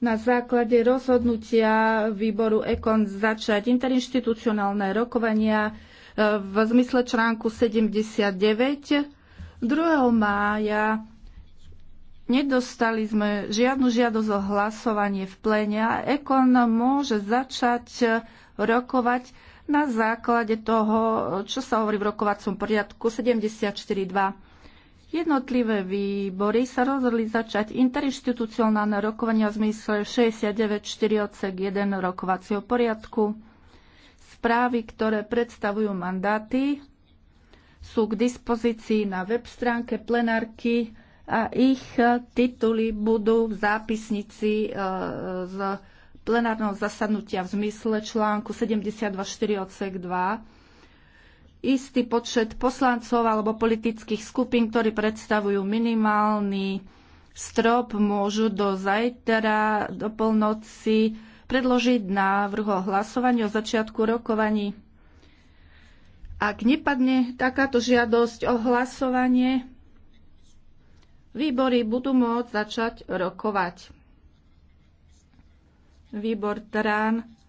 na základe rozhodnutia výboru EKON začať interinstitucionálne rokovania e, v zmysle článku 79. 2. mája nedostali sme žiadnu žiadosť o hlasovanie v plene a EKON môže začať rokovať na základe toho, čo sa hovorí v rokovacom poriadku 74.2. Jednotlivé výbory sa rozhodli začať interinstitucionálne rokovania v zmysle 69.4.1 odsek 1 rokovacieho poriadku. Správy, ktoré predstavujú mandáty, sú k dispozícii na web stránke plenárky a ich tituly budú v zápisnici e, z plenárneho zasadnutia v zmysle článku 72.4.2 odsek istý počet poslancov alebo politických skupín, ktorí predstavujú minimálny strop, môžu do zajtra, do polnoci predložiť návrh o hlasovaní o začiatku rokovaní. Ak nepadne takáto žiadosť o hlasovanie, výbory budú môcť začať rokovať. Výbor Trán